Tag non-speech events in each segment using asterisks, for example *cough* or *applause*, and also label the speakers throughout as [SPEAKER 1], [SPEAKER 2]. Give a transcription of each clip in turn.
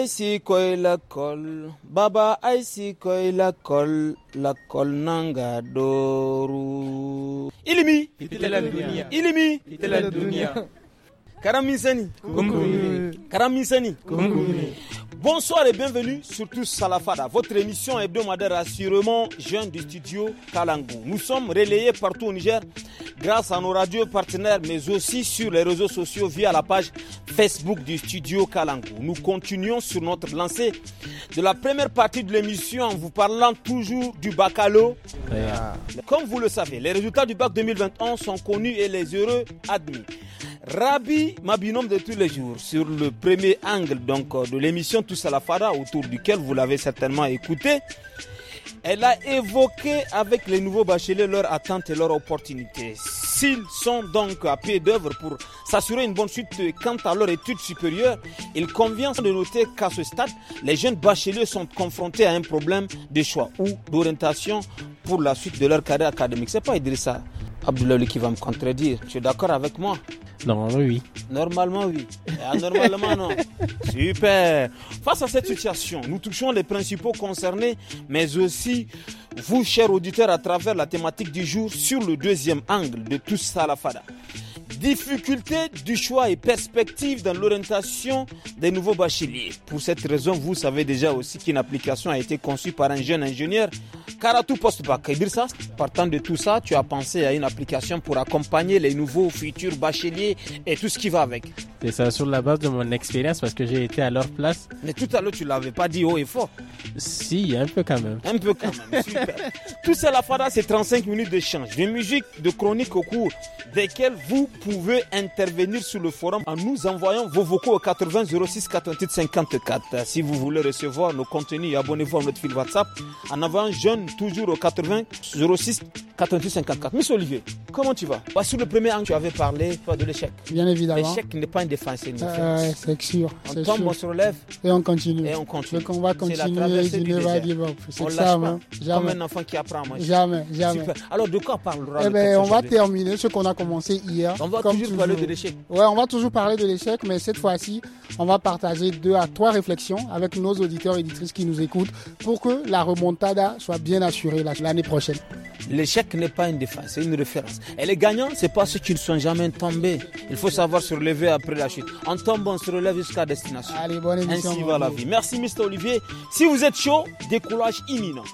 [SPEAKER 1] Ici la kol baba aisi koy lakol la nanga doru ilimi fitilan dunia ilimi fitilan dunia Karamiseni. Bonsoir et bienvenue sur Tous Salafada, votre émission hebdomadaire assurément jeune du studio Kalango. Nous sommes relayés partout au Niger grâce à nos radios partenaires, mais aussi sur les réseaux sociaux via la page Facebook du studio Kalango. Nous continuons sur notre lancée de la première partie de l'émission en vous parlant toujours du baccalauréat. Comme vous le savez, les résultats du bac 2021 sont connus et les heureux admis. Rabbi ma binôme de tous les jours, sur le premier angle donc euh, de l'émission Tous à la Fada, autour duquel vous l'avez certainement écouté, elle a évoqué avec les nouveaux bacheliers leurs attentes et leurs opportunités. S'ils sont donc à pied d'œuvre pour s'assurer une bonne suite quant à leur étude supérieure, il convient de noter qu'à ce stade, les jeunes bacheliers sont confrontés à un problème de choix ou d'orientation pour la suite de leur carrière académique. C'est pas Idrissa Abdoulaye qui va me contredire. Tu es d'accord avec moi Normalement, oui. Normalement, oui. Et anormalement, non. *laughs* Super. Face à cette situation, nous touchons les principaux concernés, mais aussi vous, chers auditeurs, à travers la thématique du jour sur le deuxième angle de tout ça, Salafada. Difficulté du choix et perspective dans l'orientation des nouveaux bacheliers. Pour cette raison, vous savez déjà aussi qu'une application a été conçue par un jeune ingénieur, Karatu Postbac. Et partant de tout ça, tu as pensé à une application application pour accompagner les nouveaux futurs bacheliers et tout ce qui va avec.
[SPEAKER 2] C'est ça sur la base de mon expérience parce que j'ai
[SPEAKER 1] été à leur place. Mais tout à l'heure, tu l'avais pas dit haut et fort.
[SPEAKER 2] Si, un peu quand même.
[SPEAKER 1] Un peu quand même, super. *laughs* tout ça, la fada, c'est 35 minutes d'échange, de musique, de chroniques au cours, desquelles vous pouvez intervenir sur le forum en nous envoyant vos vocaux au 80 06 48 54. Si vous voulez recevoir nos contenus, abonnez-vous à notre fil WhatsApp en avant, jeune toujours au 80 06 88 54. Monsieur Olivier comment tu vas bah, Sur le premier angle, tu avais parlé de l'échec.
[SPEAKER 3] Bien évidemment. L'échec
[SPEAKER 1] n'est pas une défense, c'est
[SPEAKER 3] C'est sûr. On tombe, on se relève. Et on continue. Et on continue. on va continuer. C'est ça, lâche hein. Jamais. Comme un enfant qui apprend à Jamais, jamais. Alors de quoi parlera eh ben, On va terminer ce qu'on a commencé hier. On va toujours, parler de l'échec. Ouais, on va toujours parler de l'échec, mais cette fois-ci, on va partager deux à trois réflexions avec nos auditeurs et éditrices qui nous écoutent pour que la remontada soit bien assurée l'année prochaine.
[SPEAKER 1] L'échec n'est pas une défense, c'est une elle Et les gagnants, c'est pas ceux qui ne sont jamais tombés. Il faut savoir se relever après la chute. En tombant, on se relève jusqu'à destination. Ainsi va la vie. Merci, Mr. Olivier. Si vous êtes chaud, décourage imminent.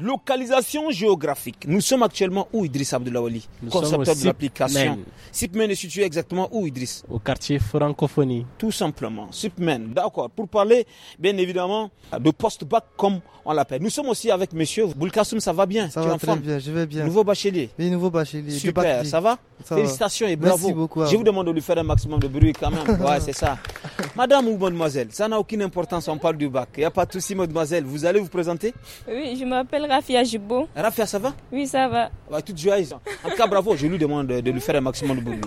[SPEAKER 1] Localisation géographique. Nous sommes actuellement où Idriss Abdullawali, concepteur de l'application. SIPMEN est situé exactement où Idriss Au quartier francophonie. Tout simplement, SIPMEN. D'accord. Pour parler, bien évidemment, de post-bac comme on l'appelle. Nous sommes aussi avec monsieur Boulkassoum, ça va bien Ça va très bien, je vais bien. Nouveau bachelier.
[SPEAKER 4] Oui, nouveau bachelier. Super, ça va
[SPEAKER 1] Félicitations et bravo. Je vous demande de lui faire un maximum de bruit quand même. *laughs* Ouais, c'est ça. Madame ou mademoiselle, ça n'a aucune importance, on parle du bac. Il n'y a pas de souci, mademoiselle. Vous allez vous présenter Oui, je m'appelle Rafia Jibo. Rafia, ça va Oui, ça va. Bah, toute joyeuse. En tout cas, bravo, je lui demande de lui faire un maximum de bruit.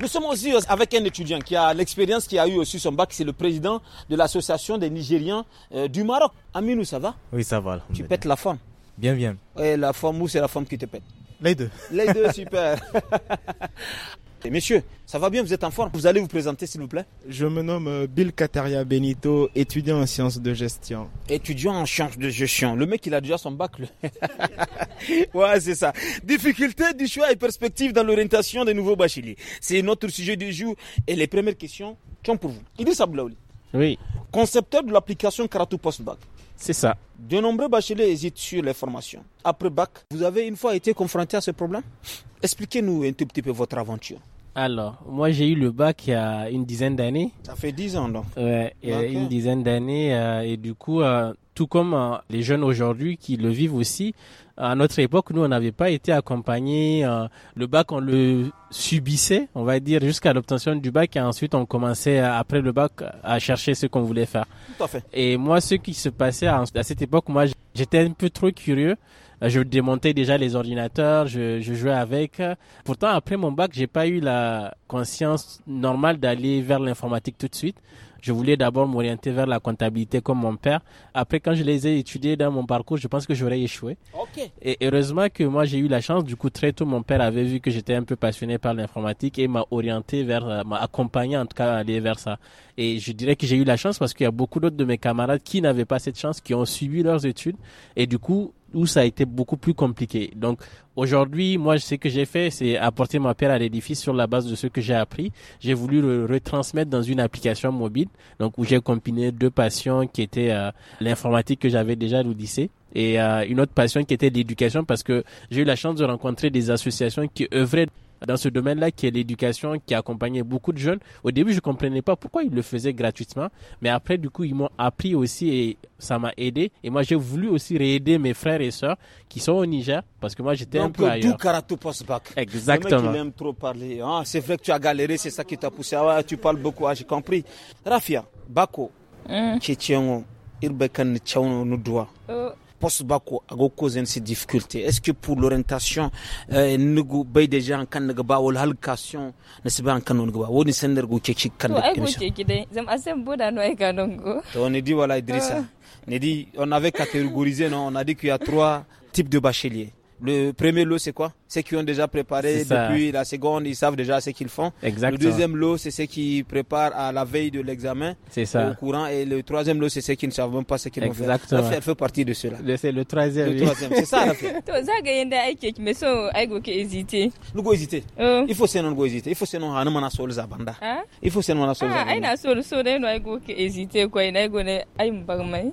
[SPEAKER 1] Nous sommes aussi avec un étudiant qui a l'expérience, qui a eu aussi son bac. C'est le président de l'association des Nigériens euh, du Maroc. Aminou, ça va
[SPEAKER 5] Oui, ça va. Tu pètes la forme Bien, bien.
[SPEAKER 1] la forme, où c'est la forme qui te pète les deux. Les deux, super. *laughs* Et messieurs, ça va bien, vous êtes en forme. Vous allez vous présenter,
[SPEAKER 6] s'il vous plaît. Je me nomme euh, Bill Cataria Benito, étudiant en sciences de gestion.
[SPEAKER 1] Étudiant en sciences de gestion. Le mec, il a déjà son bac. *laughs* ouais, c'est ça. Difficulté du choix et perspective dans l'orientation des nouveaux bacheliers. C'est notre sujet du jour. Et les premières questions sont pour vous. Idriss Aboulaouli, Oui. Concepteur de l'application Karatou Postbac. C'est ça. De nombreux bacheliers hésitent sur les formations. Après bac, vous avez une fois été confronté à ce problème Expliquez-nous un tout petit peu votre aventure.
[SPEAKER 2] Alors, moi j'ai eu le bac il y a une dizaine d'années.
[SPEAKER 1] Ça fait dix ans donc. Ouais, a une
[SPEAKER 2] dizaine d'années euh, et du coup euh, tout comme euh, les jeunes aujourd'hui qui le vivent aussi. À notre époque, nous, on n'avait pas été accompagnés. Euh, le bac, on le subissait, on va dire, jusqu'à l'obtention du bac, et ensuite, on commençait, euh, après le bac, à chercher ce qu'on voulait faire. Tout à fait. Et moi, ce qui se passait à, cette époque, moi, j'étais un peu trop curieux. Je démontais déjà les ordinateurs, je, je jouais avec. Pourtant, après mon bac, j'ai pas eu la conscience normale d'aller vers l'informatique tout de suite. Je voulais d'abord m'orienter vers la comptabilité comme mon père. Après, quand je les ai étudiés dans mon parcours, je pense que j'aurais échoué. Et heureusement que moi, j'ai eu la chance. Du coup, très tôt, mon père avait vu que j'étais un peu passionné par l'informatique et m'a orienté vers, euh, m'a accompagné en tout cas à aller vers ça. Et je dirais que j'ai eu la chance parce qu'il y a beaucoup d'autres de mes camarades qui n'avaient pas cette chance, qui ont suivi leurs études. Et du coup, où ça a été beaucoup plus compliqué. Donc aujourd'hui, moi, ce que j'ai fait, c'est apporter ma pierre à l'édifice sur la base de ce que j'ai appris. J'ai voulu le retransmettre dans une application mobile, donc où j'ai combiné deux passions qui étaient euh, l'informatique que j'avais déjà à l'Odyssée et euh, une autre passion qui était l'éducation parce que j'ai eu la chance de rencontrer des associations qui œuvraient dans ce domaine-là qui est l'éducation, qui accompagnait beaucoup de jeunes. Au début, je ne comprenais pas pourquoi ils le faisaient gratuitement, mais après, du coup, ils m'ont appris aussi et ça m'a aidé. Et moi, j'ai voulu aussi réaider mes frères et sœurs qui sont au Niger, parce que moi, j'étais un peu ailleurs. Donc,
[SPEAKER 1] post-bac. Exactement. Le trop parler. Ah, c'est vrai que tu as galéré, c'est ça qui t'a poussé. Ah tu parles beaucoup, ah, j'ai compris. Rafia, Bako, mm. Irbekan, nous doit. Oh post bako ago cause ces difficultés est-ce que pour l'orientation euh, nugu bay déjà en kan daga bawol halkation ne se en kanon gaba woni sender gu ceci kan da kemishi
[SPEAKER 7] to ai zam asem boda no ai kanon go
[SPEAKER 1] to ne di wala Idrissa euh. ne di on avait catégorisé non on a dit qu'il y a trois types de bacheliers le premier lot, c'est quoi Ceux qui ont déjà préparé depuis la seconde, ils savent déjà ce qu'ils font. Exactement. Le deuxième lot, c'est ceux qui préparent à la veille de l'examen. C'est ça. Au courant. Et le troisième lot, c'est ceux qui ne savent même pas ce qu'ils vont faire. Exactement. L'affaire fait partie de cela. C'est le troisième. Le troisième, c'est ça l'affaire.
[SPEAKER 7] Tu as gagné aiki mais ça, aigo que hésiter. Oh.
[SPEAKER 1] Nous go hésiter. Il faut sinon go hésiter. Il faut que hanu mana sol ah, zabanda. Il faut sinon mana sol zabanda. Ah, aina
[SPEAKER 7] sol sol aino aigo il hésiter que aino aigo ne aim bagmai.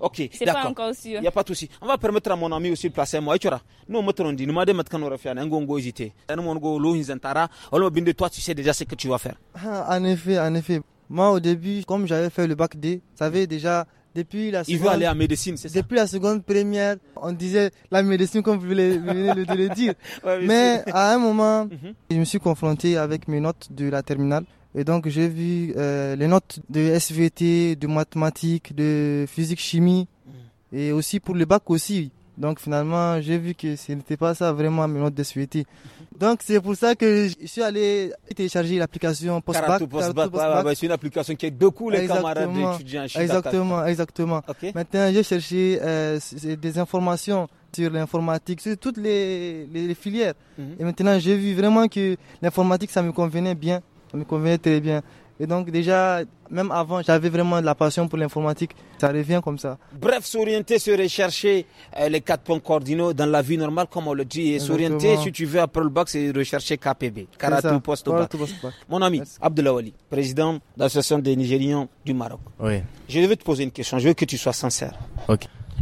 [SPEAKER 1] Ok, d'accord. Il n'y a pas de souci. On va permettre à mon ami aussi de placer moi. Et nous, on dit, nous m'a dit, on va faire un gongo hésité. toi, tu sais déjà ce que tu vas faire.
[SPEAKER 4] Ah, en effet, en effet. Moi, au début, comme j'avais fait le bac D, ça avait déjà depuis la seconde, il veut aller en médecine, c'est ça Depuis la seconde première, on disait la médecine comme vous venez de le dire. *laughs* ouais, mais, à un moment, *laughs* mhm. je me suis confronté avec mes notes de la terminale. Et donc j'ai vu euh, les notes de SVT, de mathématiques, de physique, chimie, mm. et aussi pour le bac aussi. Donc finalement, j'ai vu que ce n'était pas ça vraiment mes notes de SVT. Mm-hmm. Donc c'est pour ça que je suis allé télécharger l'application Postbac. Post
[SPEAKER 1] c'est une application qui aide beaucoup les camarades
[SPEAKER 4] étudiants. Exactement, exactement. Maintenant, j'ai cherché euh, des informations sur l'informatique, sur toutes les, filières. Mm-hmm. Et maintenant, j'ai vu vraiment que l'informatique, ça me convenait bien. Ça me convenait très bien. Et donc déjà, même avant, j'avais vraiment de la passion pour l'informatique. Ça revient comme ça.
[SPEAKER 1] Bref, s'orienter, se rechercher euh, les quatre points cardinaux dans la vie normale, comme on le dit. Et s'orienter, si tu veux, après le bac, c'est rechercher KPB. Karatou Bac. Mon ami, Abdelawali, président de l'association des Nigériens du Maroc. Oui. Je vais te poser une question. Je veux que tu sois sincère. Ok.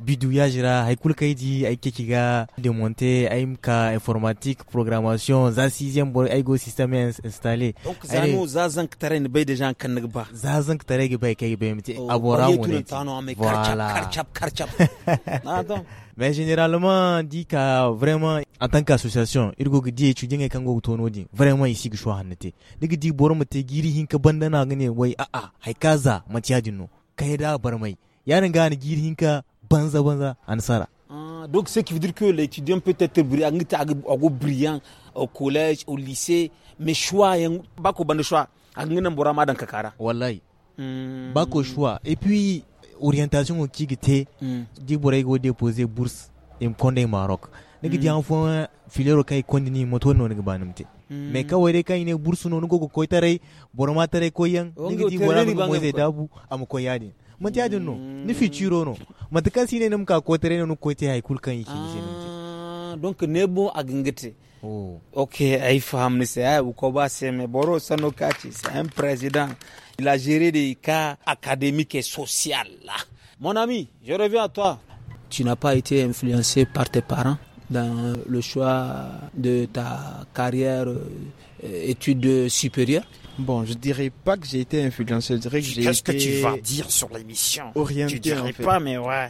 [SPEAKER 5] bidouillage ra ay di ay kekiga ga monter ay mka informatique programmation za 6e bor ay go système installé donc za no
[SPEAKER 1] za zank tare bay déjà kan nag ba za zank
[SPEAKER 5] tare ge bay kay bay mti abora mo voilà karchap karchap *laughs* ah, mais généralement dit ka vraiment en tant qu'association irgo gidi étudier ngai kango tono di vraiment ici gishwa hanete digi di borom te giri hinka bandana ngane way a a hay kaza matiya dinno da barmai yarin gane giri banza banza ah, donc ce qui veut dire que l'étudiant peut être
[SPEAKER 1] brillant au collège au lycée mais choix hein, bako bande choix angina choix, madan kakara
[SPEAKER 5] wallahi hmm. bako choix et puis orientation au tigité hmm. hmm. di boray go déposer bourse en maroc nigi hein, di filero kay konde ni moto vous ne bourse, non, ko tare am ni no matakan sine num ka ko tere no ko te hay kul kan yiki ah donc
[SPEAKER 1] nebo agengete oh ok ay faham ni se ay ah, ko ba se me boro sano kati c'est un président il a géré des cas académiques et sociaux là mon ami je reviens à toi tu n'as pas été influencé par tes parents dans le choix de ta carrière euh, études supérieures
[SPEAKER 6] Bon, je dirais pas que j'ai été influencé, je dirais que j'ai été... Qu'est-ce que tu vas dire sur l'émission Orienté, Tu dirais pas, mais ouais.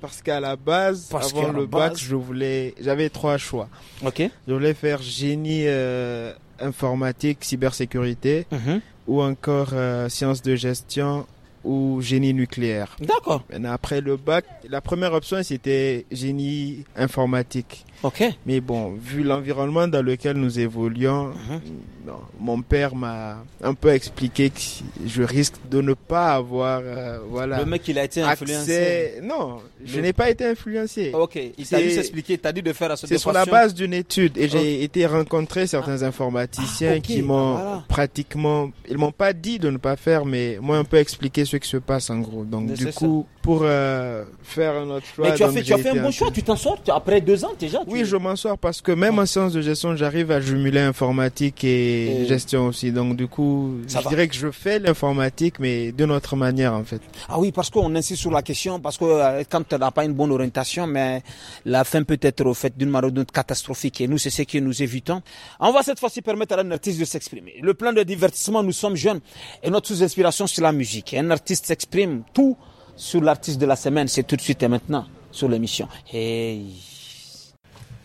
[SPEAKER 6] Parce qu'à la base, avant le bac, je voulais, j'avais trois choix. Ok. Je voulais faire génie euh, informatique, cybersécurité, mhm. ou encore euh, sciences de gestion ou génie nucléaire. D'accord. Après le bac, la première option c'était génie informatique. Ok. Mais bon, vu l'environnement dans lequel nous évoluons, mhm. mon père m'a un peu expliqué que je risque de ne pas avoir, euh, voilà. Le mec, il
[SPEAKER 1] a été influencé. Non,
[SPEAKER 6] je n'ai pas été influencé. Ok. Il t'a dû s'expliquer, t'as dit de faire la C'est sur la base d'une étude et j'ai été rencontrer certains ah. informaticiens ah, qui m'ont ah, pratiquement, ils m'ont pas dit de ne pas faire, mais moi, un peu expliqué ce qui se passe en gros. Donc, du coup pour euh, faire un autre choix. Mais tu as fait, tu un bon choix, tu t'en sors après deux ans déjà. Oui, je m'en sors parce que même ah. en sciences de gestion, j'arrive à jumeler informatique et, gestion aussi. Donc du coup, Ça je dirais que je fais l'informatique, mais de notre manière en fait. Ah oui, parce qu'on insiste sur
[SPEAKER 1] la question, parce que euh, quand tu n'as pas une bonne orientation, mais la fin peut être au fait d'une manière catastrophique. Et nous, c'est ce que nous évitons. On va cette fois-ci permettre à un artiste de s'exprimer. Le plan de divertissement, nous sommes jeunes et notre sous-inspiration, c'est la musique. Un artiste s'exprime tout sur l'artiste de la semaine, c'est tout de suite et maintenant sur l'émission.
[SPEAKER 8] Hey.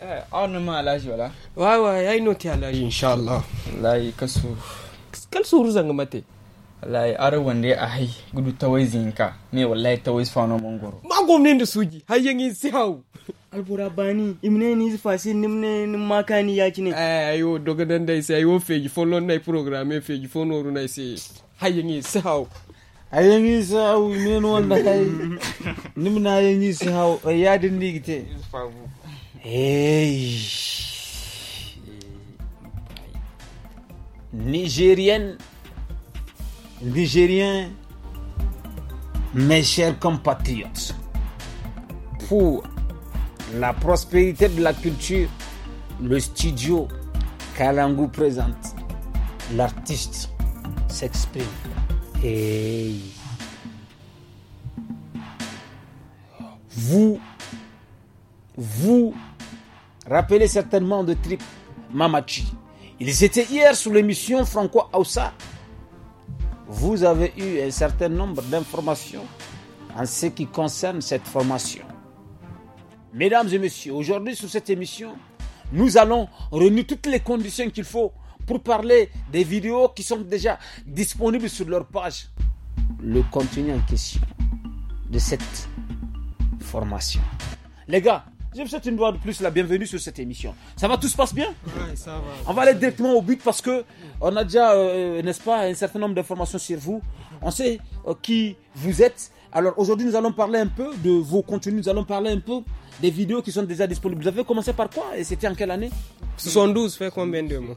[SPEAKER 8] Eh, ornement alaji wala wawa ya yi Là, alaji inshallah layi kasu kalsu ruzan ga mate layi ar wanda a hai gudu tawai zinka ne wallahi tawai fano
[SPEAKER 9] mangoro ma gwamnati souji. suji har yin si hau albura bani imne ni fasi nimne maka ni yaki eh ayo doga dai sai ayo feji follow nai programme feji fonoru na sai se. yin si hau a *laughs*
[SPEAKER 1] nigérien mes chers compatriotes pour la prospérité de la culture le studio Kalangu présente l'artiste s'exprime vous vous rappelez certainement de Trip Mamachi. Ils étaient hier sur l'émission Franco Aoussa. Vous avez eu un certain nombre d'informations en ce qui concerne cette formation. Mesdames et messieurs, aujourd'hui sur cette émission, nous allons renouer toutes les conditions qu'il faut pour parler des vidéos qui sont déjà disponibles sur leur page. Le contenu en question de cette formation. Les gars, je vous souhaite une fois de plus la bienvenue sur cette émission. Ça va, tout se passe bien Oui, ça va. On va aller directement au but parce que on a déjà, euh, n'est-ce pas, un certain nombre d'informations sur vous. On sait euh, qui vous êtes. Alors aujourd'hui, nous allons parler un peu de vos contenus, nous allons parler un peu des vidéos qui sont déjà disponibles. Vous avez commencé par quoi et c'était en quelle année
[SPEAKER 9] 72 fait combien de mois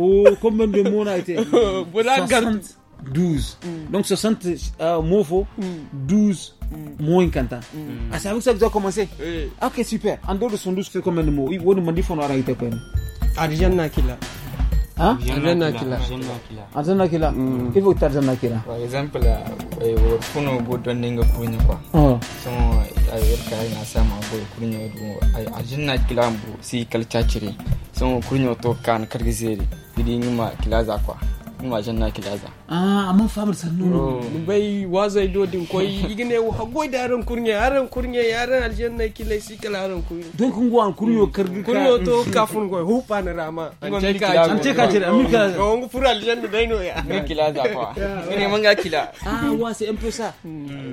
[SPEAKER 1] Oh, combien de mots on a été 72. *laughs* Mm. Donc 60 euh, mots 12 mm. mm. mots incantants. Mm. Ah, c'est avec ça que tu as commencé oui. Ok, super. En dehors de son 12, fait combien de mots Il faut demander qu'on a été peine. Arjan Nakila.
[SPEAKER 8] Hein Arjan Nakila.
[SPEAKER 1] Arjan Nakila. Il faut mm. que tu Arjan Nakila.
[SPEAKER 8] Par exemple, pour nous donner un coup de quoi. Oh. ayyuka yana sama boy kurnyo do ay ajinna kilambo si kalchachiri son kurnyo to kan bidi ma kilaza kwa ma janna kilaza
[SPEAKER 9] ah amma famar sannu oh. bai wazai dodin koyi igine wa hagoi da yaran kurnye yaran kurnye yaran aljanna kila si kala yaran kurnye don kun gwan kurnyo karbi kurnyo to kafun goy hupa na rama an ce ka ce oh. amika ga oh, wangu fura aljanna dai no ya ne kilaza kwa *laughs* ne manga kila ah wa c'est un peu ça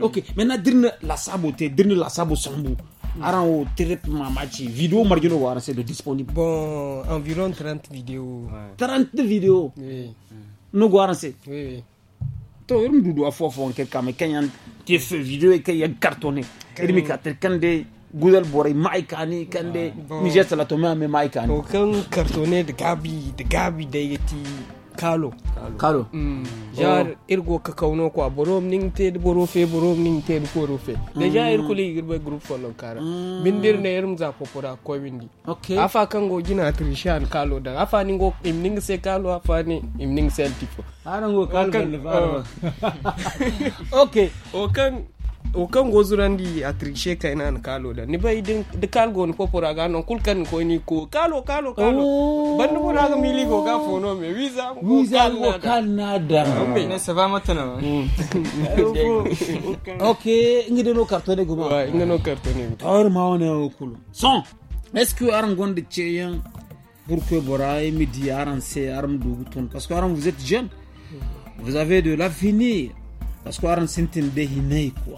[SPEAKER 1] ok maintenant dirne la sabote dirne la sabo sambu aran o traitement match vidéo margino wa c'est disponible bon
[SPEAKER 9] environ 30 vidéos ouais.
[SPEAKER 1] 30 vidéos oui no go aran c'est oui to yorum dudu a fofo on ket kam kenyan te fait vidéo e kenyan cartonné et mi ka tel kande gudal boray maikani kande mi jetta la to ma me maikani o kan cartonné
[SPEAKER 9] de gabi de gabi de yeti kalo kalo mm. oh. jar irgo ka kauno ko borom ning te boro fe borom ning te ko ro fe le ja mm. ir kuli girbe group fo lon kara min mm. dir ne irum za popora ko windi okay afa kan go gina trishan kalo da afa ni go im ning se kalo afa ni im ning se tipo ara go kalo
[SPEAKER 4] oh.
[SPEAKER 9] *laughs* okay o kan o kan a triche kaina an kalo da ni bai din da kalgo ni popora ga non kul ko ni ko kalo kalo kalo oh. bandu mo daga mili go ga fono me visa visa go canada ne se va
[SPEAKER 8] matana mm.
[SPEAKER 1] *laughs* ok ngide no cartone go ma ngide no cartone tor ma wona o kulu son est ce que aran gonde cheyan pour que bora et en aran se aram doguton parce que aran vous êtes jeune mm. vous avez de l'avenir parce que aran sentin de hinay quoi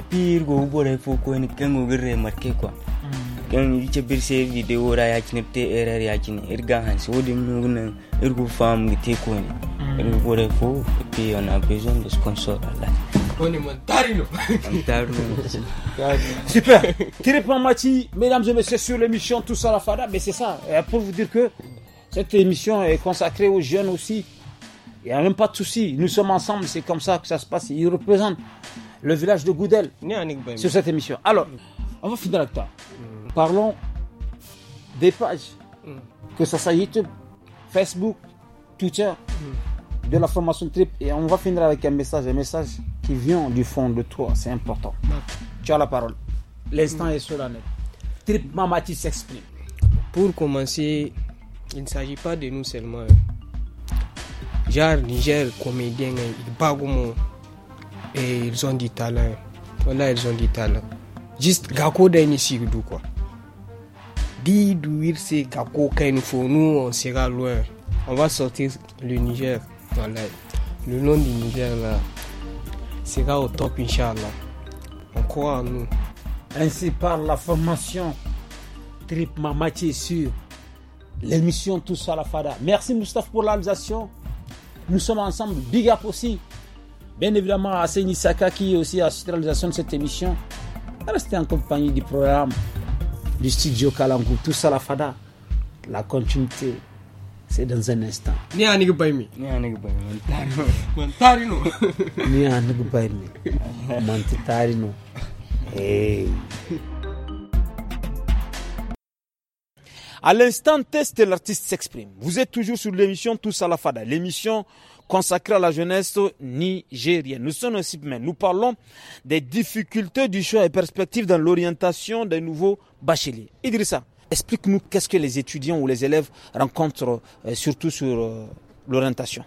[SPEAKER 8] et puis go bore fo ko ni kengo girre marke kwa yan yi ce bir sai video ra ya kine te mm. error ya kine irga han so din nuna irgo fam gite ko ne irgo bore fo et puis on a besoin de sponsor là
[SPEAKER 9] on est montarino
[SPEAKER 1] super Thierry Pamati mesdames et messieurs sur l'émission tout ça la fada mais c'est ça pour vous dire que cette émission est consacrée aux jeunes aussi il n'y a même pas de souci. Nous sommes ensemble, c'est comme ça que ça se passe. Ils représentent le village de Goudel sur cette émission. Alors, on va finir avec toi, mm. parlons des pages, mm. que ça soit YouTube, Facebook, Twitter, mm. de la formation Trip. Et on va finir avec un message, un message qui vient du fond de
[SPEAKER 9] toi, c'est important. Tu as la parole. L'instant est solennel. Trip Mamati s'exprime. Pour commencer, il ne s'agit pas de nous seulement. Euh, genre, Niger, comédien, il hein, et ils ont du talent. Voilà, ils ont du talent. Juste, Gako Daini Sigdu, quoi. Dit c'est Gako faut nous, on sera loin. On va sortir le Niger. Voilà. Le nom du Niger, là, sera au top, Inch'Allah. On croit en nous. Ainsi, par la formation
[SPEAKER 1] Trip Mamachi sur l'émission Tous à la Fada. Merci, Moustaphe, pour l'organisation. Nous sommes ensemble. Big up aussi. Bien évidemment, à Nisaka qui est aussi à la centralisation de cette émission. Restez en compagnie du programme du studio Kalangu, tout à la fada. La continuité, c'est dans un instant. Ni Ni *laughs* À l'instant test, l'artiste s'exprime. Vous êtes toujours sur l'émission Tous à la Fada, l'émission consacré à la jeunesse nigérienne. Nous sommes aussi, mais nous parlons des difficultés du choix et perspectives dans l'orientation des nouveaux bacheliers. Idrissa, explique-nous qu'est-ce que les étudiants ou les élèves rencontrent, euh, surtout sur euh, l'orientation.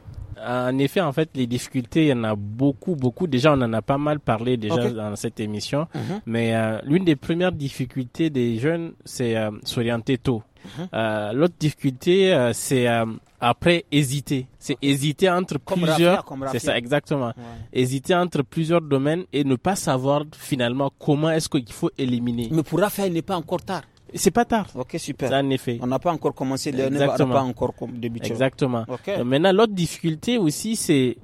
[SPEAKER 2] En effet, en fait, les difficultés, il y en a beaucoup, beaucoup. Déjà, on en a pas mal parlé déjà dans cette émission. Mhm. Mais euh, l'une des premières difficultés des jeunes, c'est s'orienter tôt euh, l'autre difficulté, euh, c'est euh, après hésiter. C'est hésiter entre plusieurs. C'est ça exactement. Hésiter entre plusieurs domaines et ne pas savoir finalement comment est-ce qu'il faut éliminer. Mais pour Raphaël, il n'est pas encore tard. C'est pas tard.
[SPEAKER 1] Ok, super. effet. On n'a pas encore commencé, on n'a pas encore débuté. Exactement.
[SPEAKER 2] maintenant, l'autre difficulté aussi, c'est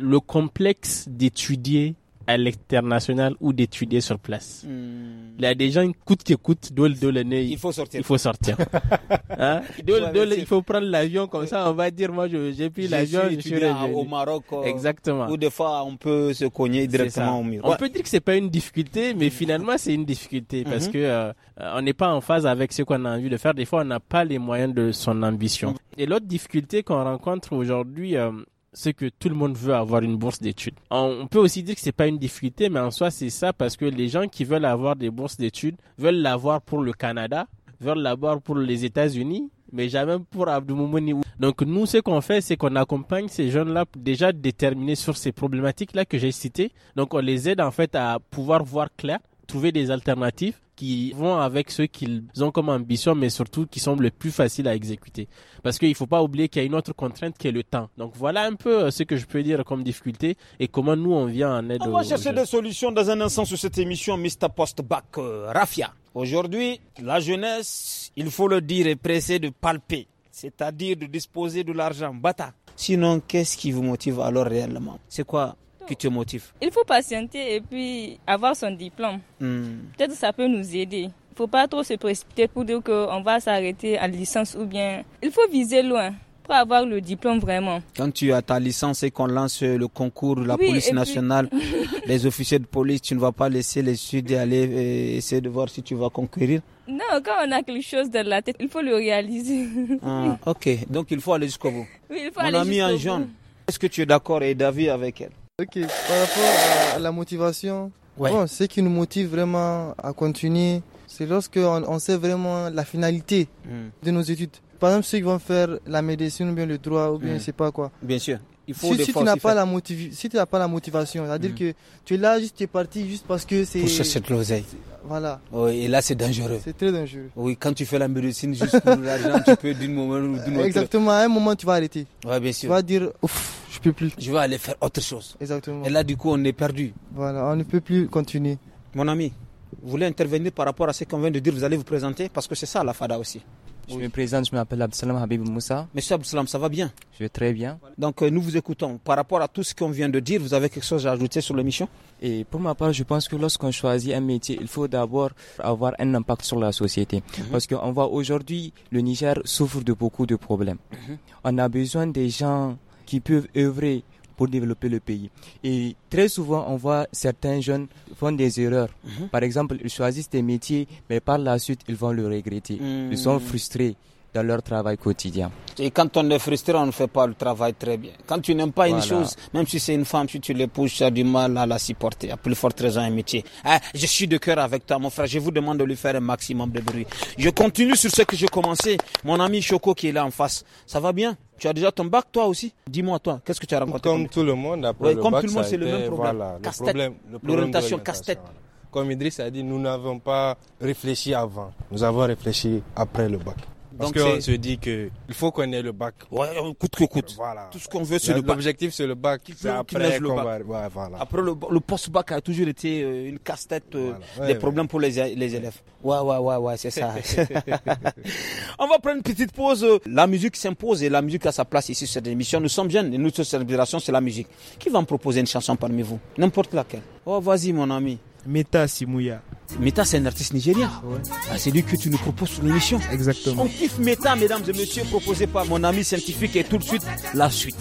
[SPEAKER 2] le complexe d'étudier à l'international ou d'étudier sur place. Hmm. Il y a des gens, coûte que coûte, il faut sortir. Il faut
[SPEAKER 1] sortir. *laughs* Hein? il
[SPEAKER 2] faut prendre l'avion comme ça, on va dire, moi j'ai pris l'avion, je suis Au Maroc. Euh, Exactement. Ou des
[SPEAKER 1] fois, on peut se cogner directement au mur. On peut
[SPEAKER 2] dire que c'est pas une difficulté, mais hmm. finalement, c'est une difficulté hmm. parce que euh, on n'est pas en phase avec ce qu'on a envie de faire. Des fois, on n'a pas les moyens de son ambition. Et l'autre difficulté qu'on rencontre aujourd'hui, euh, c'est que tout le monde veut avoir une bourse d'études. On peut aussi dire que c'est pas une difficulté, mais en soi, c'est ça parce que les gens qui veulent avoir des bourses d'études veulent l'avoir pour le Canada, veulent l'avoir pour les États-Unis, mais jamais pour Abdoumouni. Donc nous, ce qu'on fait, c'est qu'on accompagne ces jeunes-là déjà déterminés sur ces problématiques-là que j'ai citées. Donc on les aide en fait à pouvoir voir clair, trouver des alternatives qui vont avec ceux qu'ils ont comme ambition, mais surtout qui semblent les plus facile à exécuter. Parce qu'il ne faut pas oublier qu'il y a une autre contrainte qui est le temps. Donc voilà un peu euh, ce que je peux dire comme difficulté et comment nous on vient en aide. On va chercher des
[SPEAKER 1] solutions dans un instant sur cette émission Mr. Postback euh, Rafia. Aujourd'hui, la jeunesse, il faut le dire, est pressée de palper, c'est-à-dire de disposer de l'argent bata. Sinon, qu'est-ce qui vous motive alors réellement C'est quoi qui te motive
[SPEAKER 7] Il faut patienter et puis avoir son diplôme. Hmm. Peut-être ça peut nous aider. Il faut pas trop se précipiter pour dire qu'on va s'arrêter à la licence ou bien. Il faut viser loin pour avoir le diplôme vraiment.
[SPEAKER 1] Quand tu as ta licence et qu'on lance le concours de la police nationale, *laughs* les officiers de police, tu ne vas pas laisser les Sud aller euh, essayer de voir si tu vas conquérir
[SPEAKER 7] Non, quand on a quelque chose dans la tête, il faut le réaliser. Ah,
[SPEAKER 1] *laughs* ok, donc il faut aller jusqu'au bout.
[SPEAKER 7] Oui, il faut Mon ami en
[SPEAKER 4] jaune, est-ce que tu es d'accord et d'avis avec elle Ok, par rapport à la motivation, ce qui nous motive vraiment à continuer, c'est lorsque on, sait vraiment la finalité hmm. de nos études. Par exemple, ceux qui vont faire la médecine ou bien le droit ou bien hmm. je ne sais pas quoi. Bien
[SPEAKER 1] sûr. Il faut si, si tu n'as pas,
[SPEAKER 4] la si tu pas la motivation, c'est-à-dire hmm. que tu es là, juste, tu es parti juste parce que c'est... Pour chercher de l'oseille. Voilà.
[SPEAKER 1] et là, c'est dangereux. C'est très dangereux. Oui, quand tu fais la médecine juste pour *laughs* l'argent, tu peux d'un moment ou d'un autre. Exactement,
[SPEAKER 4] à un moment, tu vas arrêter. Oui, bien sûr. Tu vas dire,
[SPEAKER 1] ouf, plus. Je vais aller faire autre chose. Exactement. Et là, du coup, on est perdu.
[SPEAKER 4] Voilà, on ne peut plus continuer.
[SPEAKER 1] Mon ami, vous voulez intervenir par rapport à ce qu'on vient de dire, vous allez vous présenter parce que c'est ça la FADA aussi. Je me présente, je m'appelle Salam Habib Moussa. Monsieur Salam, ça va bien Je vais très bien. Donc euh, nous vous écoutons. Par rapport à tout ce qu'on vient de dire, vous avez quelque chose à ajouter sur l'émission Et pour ma part,
[SPEAKER 9] je pense que lorsqu'on choisit un métier, il faut d'abord avoir un impact sur la société. Mhm. Parce qu'on voit aujourd'hui, le Niger souffre de beaucoup de problèmes. Mhm. On a besoin des gens qui peuvent œuvrer pour développer le pays. Et très souvent, on voit certains jeunes font des erreurs. Mhm. Par exemple, ils choisissent des métiers, mais par la suite, ils vont le regretter. Mhm. Ils sont frustrés dans leur travail quotidien.
[SPEAKER 1] Et quand on est frustré, on ne fait pas le travail très bien. Quand tu n'aimes pas une chose, même si c'est une femme, si tu l'épouses, tu as du mal à la supporter. À plus forte raison, un métier. Ah, je suis de cœur avec toi, mon frère. Je vous demande de lui faire un maximum de bruit. Je continue sur ce que j'ai commencé. Mon ami Choco qui est là en face. Ça va bien tu as déjà ton bac toi aussi Dis-moi toi, qu'est-ce
[SPEAKER 6] que tu as rencontré Comme tout le monde, après le bac, c'est le même problème. le problème l'orientation
[SPEAKER 2] casse-tête. Comme Idriss a dit, nous n'avons pas réfléchi avant.
[SPEAKER 6] Nous avons réfléchi après le bac. Parce qu'on se
[SPEAKER 9] dit que il faut qu'on ait le bac. Ouais, euh, coûte que coûte. Voilà. Tout ce qu'on veut, c'est le bac. L'objectif, c'est le bac. après le bac. Après, le,
[SPEAKER 1] post-bac a toujours été euh, une casse-tête, euh, des problèmes pour les, élèves. Ouais, ouais, ouais, ouais, c'est ça.
[SPEAKER 6] *laughs*
[SPEAKER 1] *laughs* On va prendre une petite pause. La musique s'impose et la musique a sa place ici sur cette émission. Nous sommes jeunes et notre célébration, c'est la musique. Qui va me proposer une chanson parmi vous N'importe laquelle. Oh, vas-y, mon ami. Meta Simouya. Meta, c'est un artiste nigérien. Ah, ah, c'est lui que tu nous proposes sur l'émission. Exactement. On kiffe Meta, mesdames et messieurs, proposé par mon ami scientifique et tout de suite, la suite.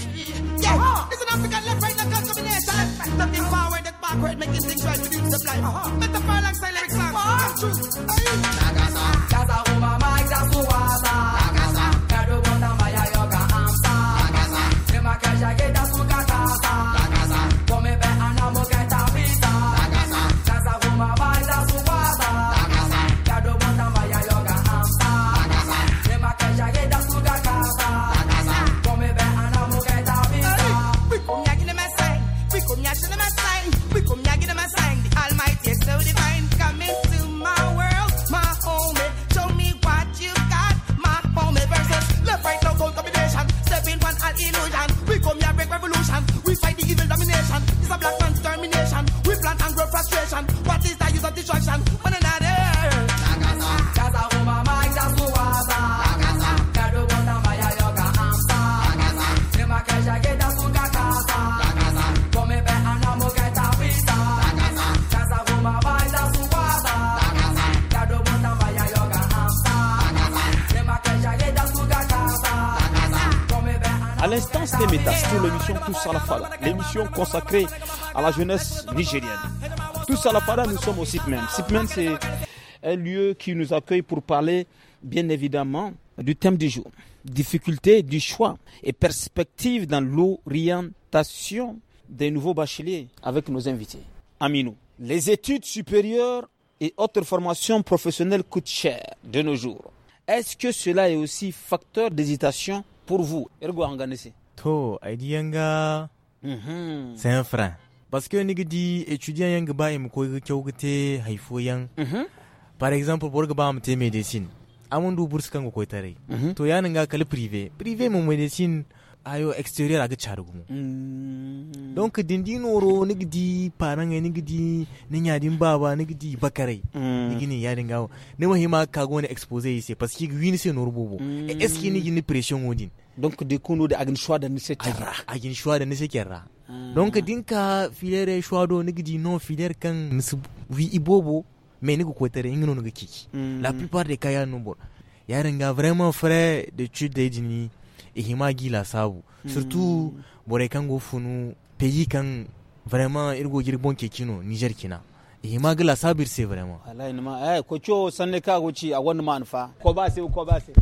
[SPEAKER 1] consacré à la jeunesse nigérienne. Tous à la parole, nous sommes au SIPMEN. SIPMEN, c'est un lieu qui nous accueille pour parler, bien évidemment, du thème du jour. Difficulté du choix et perspectives dans l'orientation des nouveaux bacheliers avec nos invités. Aminou. Les études supérieures et autres formations professionnelles coûtent cher de nos jours. Est-ce que cela est aussi facteur d'hésitation pour vous, Ergo Anganese
[SPEAKER 5] To, Mm-hmm. un frein. Parce que ni gidi étudiant yang ba im ko ko te haifo yan mm-hmm. par exemple pour ba mu te médecine amun du bourse kan ko tare mm-hmm. to ya ga kal privé privé mon médecine ayo extérieur aga charugumu mm. donc dindi noro nigdi paranga nigdi ninya din baba nigdi bakare mm. nigini ya dinga ne wahima kago ne expose yise parce que wini se norbobo mm. est ce que ni pression dit donc de kuno da agin shwa da ni se kyarra agin shwa da ni se kyarra ah. donc dinka filere shwa do nigidi no filer kan nisu wi ibobo me nigu ko tere ingino nigu kiki hmm. la plupart des cas ya no bon ya ringa vraiment frais de tu de dini e hima gila sabu hmm. surtout bore kan go funu pays kan vraiment irgo girbon no niger kina hima gila sabir se vraiment
[SPEAKER 1] wallahi ma eh ko cho sanne ka ci a wannan manfa ko ba se ko ba se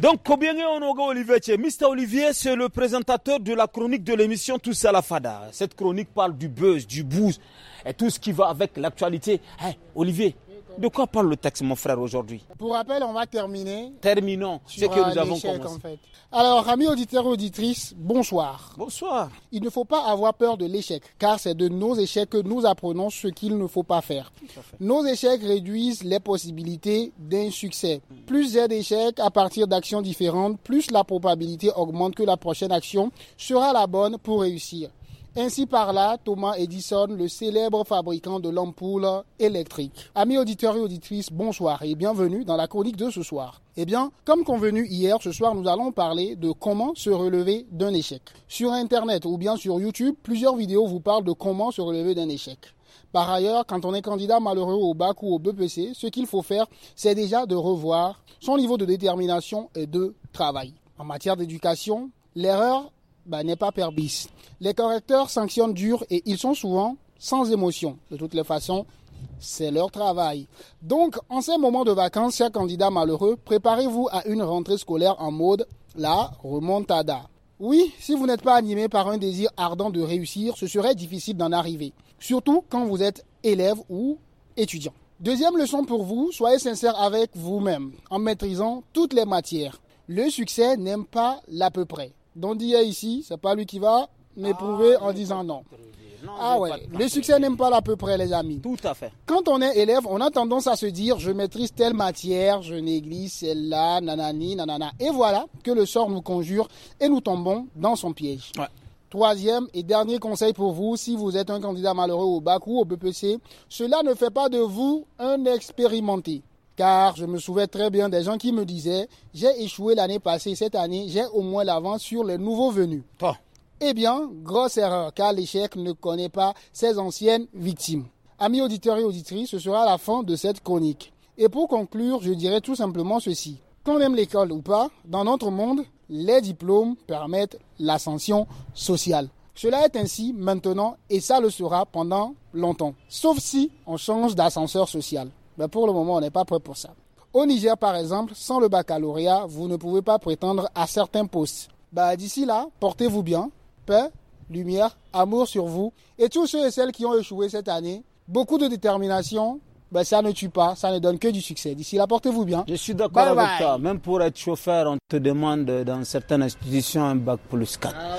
[SPEAKER 1] Donc, combien on Olivier Mr. Olivier, c'est le présentateur de la chronique de l'émission Tous à la Fada. Cette chronique parle du buzz, du bouse et tout ce qui va avec l'actualité. Eh, Olivier, de quoi parle le texte, mon frère, aujourd'hui
[SPEAKER 7] Pour
[SPEAKER 3] rappel, on va terminer. Terminons ce que nous avons commencé. En fait. Alors, amis auditeurs et auditrices, bonsoir. Bonsoir. Il ne faut pas avoir peur de l'échec, car c'est de nos échecs que nous apprenons ce qu'il ne faut pas faire. Nos échecs réduisent les possibilités d'un succès. Plus j'ai d'échecs à partir d'actions différentes, plus la probabilité augmente que la prochaine action sera la bonne pour réussir. Ainsi par là, Thomas Edison, le célèbre fabricant de l'ampoule électrique. Amis auditeurs et auditrices, bonsoir et bienvenue dans la chronique de ce soir. Eh bien, comme convenu hier, ce soir, nous allons parler de comment se relever d'un échec. Sur Internet ou bien sur YouTube, plusieurs vidéos vous parlent de comment se relever d'un échec. Par ailleurs, quand on est candidat malheureux au bac ou au BPC, ce qu'il faut faire, c'est déjà de revoir son niveau de détermination et de travail. En matière d'éducation, l'erreur bah, n'est pas perbis. Les correcteurs sanctionnent dur et ils sont souvent sans émotion. De toutes les façons, c'est leur travail. Donc, en ces moments de vacances, chers candidats malheureux, préparez-vous à une rentrée scolaire en mode la remontada. Oui, si vous n'êtes pas animé par un désir ardent de réussir, ce serait difficile d'en arriver, surtout quand vous êtes élève ou étudiant. Deuxième leçon pour vous, soyez sincère avec vous-même en maîtrisant toutes les matières. Le succès n'aime pas l'à peu près est ici, c'est pas lui qui va m'éprouver ah, en disant non. ah ouais, le succès n'aime pas à peu près les amis. Tout à fait. Quand on est élève, on a tendance à se dire je maîtrise telle matière, je néglige celle-là, nanani, nanana. Et voilà que le sort nous conjure et nous tombons dans son piège. Troisième et dernier conseil pour vous, si vous êtes un candidat malheureux au bac ou au BPC, cela ne fait pas de vous un expérimenté. Car je me souviens très bien des gens qui me disaient, j'ai échoué l'année passée, cette année, j'ai au moins l'avance sur les nouveaux venus. Eh bien, grosse erreur, car l'échec ne connaît pas ses anciennes victimes. Amis auditeurs et auditrices, ce sera la fin de cette chronique. Et pour conclure, je dirais tout simplement ceci. Qu'on aime l'école ou pas, dans notre monde, les diplômes permettent l'ascension sociale. Cela est ainsi maintenant et ça le sera pendant longtemps. Sauf si on change d'ascenseur social pour le moment, on n'est pas prêt pour ça. Au Niger, par exemple, sans le baccalauréat, vous ne pouvez pas prétendre à certains postes. Bah, d'ici là, portez-vous bien. Paix, lumière, amour sur vous. Et tous ceux et celles qui ont échoué cette année, beaucoup de détermination, ben, ça ne tue pas, ça ne donne que du succès. D'ici là, portez-vous bien. Je suis d'accord avec toi.
[SPEAKER 1] Même pour être chauffeur, on te demande dans certaines institutions un bac plus 4. Ah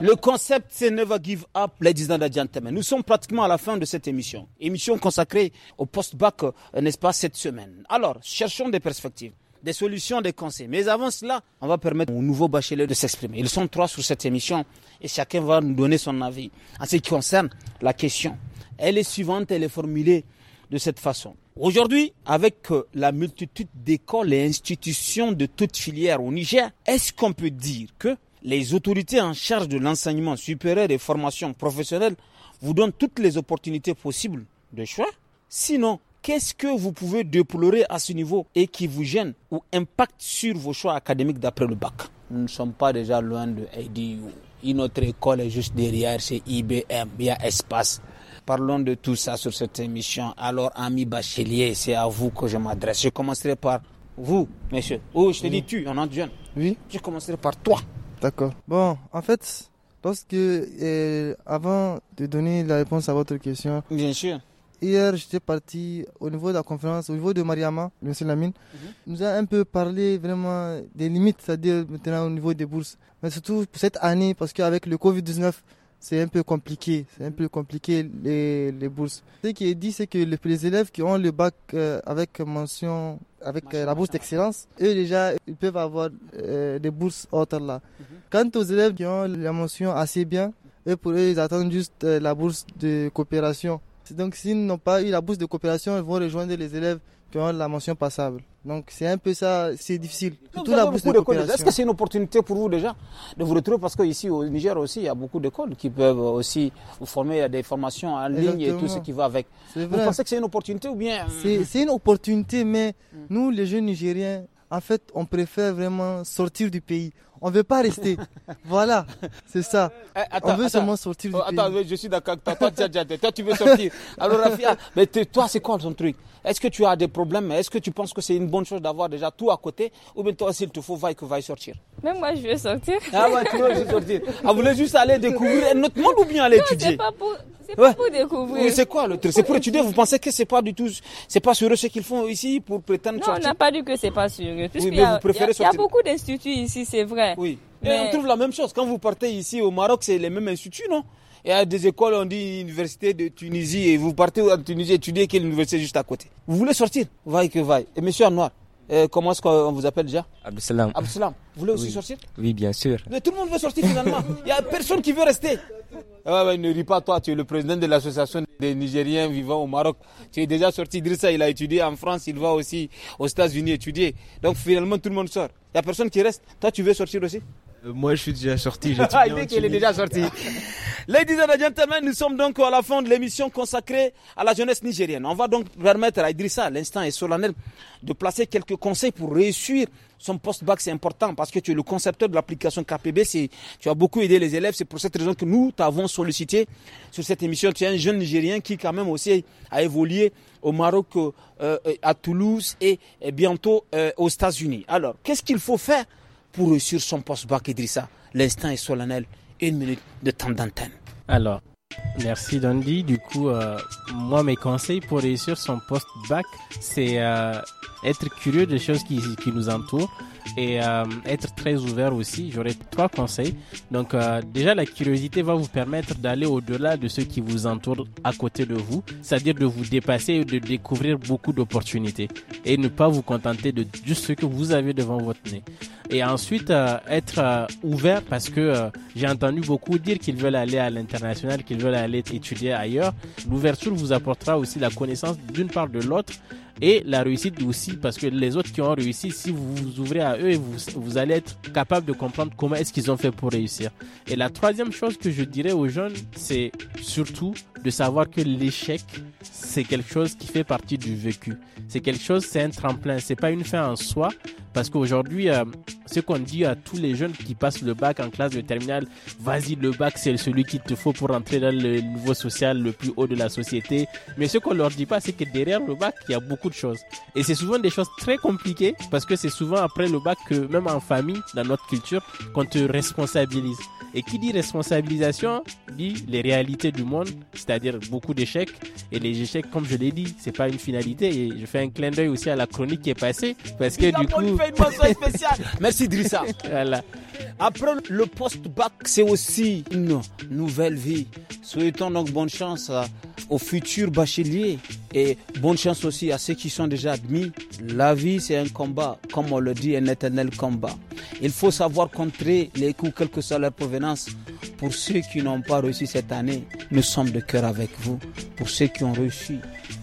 [SPEAKER 1] Le concept, c'est Never Give Up, ladies and gentlemen. Nous sommes pratiquement à la fin de cette émission. Émission consacrée au post-bac, euh, n'est-ce pas, cette semaine. Alors, cherchons des perspectives des solutions, des conseils. Mais avant cela, on va permettre aux nouveaux bacheliers de s'exprimer. Ils sont trois sur cette émission et chacun va nous donner son avis. En ce qui concerne la question, elle est suivante, elle est formulée de cette façon. Aujourd'hui, avec euh, la multitude d'écoles et institutions de toutes filières au Niger, est-ce qu'on peut dire que les autorités en charge de l'enseignement supérieur et formation professionnelle vous donnent toutes les opportunités possibles de choix Sinon, qu'est-ce que vous pouvez déplorer à ce niveau et qui vous gêne ou impacte sur vos choix académiques d'après le bac Nous ne sommes pas déjà loin de IDU. Une autre école est juste derrière, c'est IBM, il y a espace. Parlons de tout ça sur cette émission. Alors, ami bachelier, c'est à vous que je m'adresse. Je commencerai par vous, monsieur. Oh, je te dis tu, en anglais. Oui. Je commencerai par toi.
[SPEAKER 4] D'accord. Bon, en fait, lorsque eh, avant de donner la réponse à votre question. Bien sûr. Hier, j'étais parti au niveau de la conférence, au niveau de Mariama, monsieur Lamine. Mhm. nous a un peu parlé vraiment des limites, c'est-à-dire maintenant au niveau des bourses. Mais surtout pour cette année, parce qu'avec le Covid-19, c'est un peu compliqué. C'est un peu compliqué les, bourses. Ce qui est dit, c'est que les, élèves qui ont le bac euh, avec mention, avec euh, la bourse d'excellence, eux déjà, ils peuvent avoir euh, des bourses autres là. Mhm. Quant aux élèves qui ont la mention assez bien, eux pour eux, ils attendent juste la bourse de coopération. Donc s'ils n'ont pas eu la bourse de coopération, ils vont rejoindre les élèves qui ont la mention passable. Donc c'est un peu ça, c'est difficile. Tout la bourse de coopération. Est-ce que c'est une opportunité pour vous déjà de vous retrouver parce
[SPEAKER 1] qu'ici au Niger aussi, il y a beaucoup d'écoles qui peuvent aussi vous former à des formations en ligne et tout ce qui va avec. Vous pensez que c'est une opportunité ou bien euh,
[SPEAKER 4] C'est une opportunité, mais hmm. nous les jeunes Nigériens, en fait, on préfère vraiment sortir du pays. On veut pas rester. voilà, c'est ça. Eh, attends, on veut seulement sortir
[SPEAKER 1] oh, Attends, je suis d'accord avec toi. Toi, toi, tu veux sortir. *laughs* Alors, Rafia, mais toi, c'est quoi ton truc est-ce que tu as des problèmes Est-ce que tu penses que c'est une bonne chose d'avoir déjà tout à côté Ou bien toi, s'il te faut, vaille que y sortir
[SPEAKER 7] Même moi, je vais sortir. Ah ouais, tu veux sortir.
[SPEAKER 1] Ah, vous voulez juste aller découvrir un autre monde ou bien aller étudier C'est pas
[SPEAKER 7] pour... C'est pour découvrir. C'est quoi le truc C'est pour étudier. Vous
[SPEAKER 1] pensez que c'est pas du tout, c'est pas sûr ce qu'ils font ici pour prétendre non, on n'a
[SPEAKER 7] pas dit que c'est pas sûr. Oui, mais vous préférez Il y, a beaucoup d'instituts ici, c'est vrai. Oui. Mais... on trouve la même chose. Quand vous
[SPEAKER 1] partez ici au Maroc, c'est les mêmes instituts, non il y a des écoles, on dit université de Tunisie, et vous partez en Tunisie étudier quelle université université juste à côté. Vous voulez sortir, vaille que vaille. Et monsieur en noir, euh, comment est-ce qu'on vous appelle déjà Absalam. Abdeslam. Vous voulez aussi sortir Oui, bien sûr. Mais tout le monde veut sortir finalement. Il n'y a personne qui veut rester. Ah ne ris pas, toi, tu es le président de l'association des Nigériens vivant au Maroc. Tu es déjà sorti. Grissa, il a étudié en France, il va aussi aux États-Unis étudier. Donc finalement, tout le monde sort. Il n'y a personne qui reste. Toi, tu veux sortir aussi
[SPEAKER 6] euh, moi, je suis déjà sorti.
[SPEAKER 1] *laughs* Ah, il dit qu'il est déjà sorti. Ladies and gentlemen, nous sommes donc à la fin de l'émission consacrée à la jeunesse nigérienne. On va donc permettre à Idrissa, l'instant est solennel, de placer quelques conseils pour réussir son post-bac. C'est important parce que tu es le concepteur de l'application KPB. Tu as beaucoup aidé les élèves. C'est pour cette raison que nous t'avons sollicité sur cette émission. Tu es un jeune Nigérien qui, quand même, aussi a évolué au Maroc, euh, euh, à Toulouse et, bientôt aux États-Unis. Alors, qu'est-ce qu'il faut faire pour réussir son poste bac Idrissa. L'instant est solennel, une minute de temps d'antenne. Alors, merci Dandy. Du coup, euh,
[SPEAKER 2] moi mes conseils pour réussir son poste bac, c'est euh, être curieux des choses qui, nous entourent et euh, être très ouvert aussi. J'aurais trois conseils. Donc euh, déjà, la curiosité va vous permettre d'aller au-delà de ceux qui vous entourent à côté de vous, c'est-à-dire de vous dépasser et de découvrir beaucoup d'opportunités et ne pas vous contenter de juste ce que vous avez devant votre nez. Et ensuite, euh, être ouvert parce que j'ai entendu beaucoup dire qu'ils veulent aller à l'international, qu'ils veulent aller étudier ailleurs. L'ouverture vous apportera aussi la connaissance d'une part de l'autre et la réussite aussi parce que les autres qui ont réussi, si vous vous ouvrez à eux, vous, vous allez être capable de comprendre comment est-ce qu'ils ont fait pour réussir. Et la troisième chose que je dirais aux jeunes, c'est surtout de savoir que l'échec, c'est quelque chose qui fait partie du vécu. C'est quelque chose, c'est un tremplin, c'est pas une fin en soi. Parce qu'aujourd'hui, euh, ce qu'on dit à tous les jeunes qui passent le bac en classe de terminale, vas-y, le bac, c'est celui qu'il te faut pour entrer dans le niveau social le plus haut de la société. Mais ce qu'on leur dit pas, c'est que derrière le bac, il y a beaucoup de choses. Et c'est souvent des choses très compliquées parce que c'est souvent après le bac que même en famille, dans notre culture, qu'on te responsabilise. Et qui dit responsabilisation dit les réalités du monde, c'est-à-dire beaucoup d'échecs. Et les échecs, comme je l'ai dit, c'est pas une finalité. Et je fais un clin d'œil aussi à la chronique qui est passée parce que du coup. Fait une *laughs* spéciale.
[SPEAKER 1] Merci Drissa. voilà. Après le post-bac, c'est aussi une nouvelle vie. Souhaitons donc bonne chance aux futurs bacheliers et bonne chance aussi à ceux qui sont déjà admis. La vie, c'est un combat, comme on le dit, un éternel combat. Il faut savoir contrer les coups, quel que soit leur provenance pour ceux qui n'ont pas reçu cette année, nous sommes de cœur avec vous. Pour ceux qui ont reçu,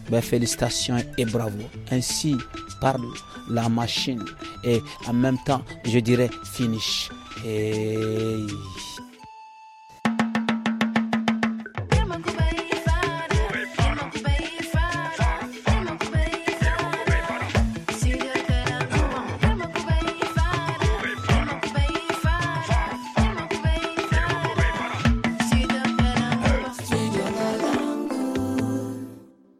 [SPEAKER 1] ben, félicitations et bravo. Ainsi parle la machine et en même temps, je dirais finish. Et...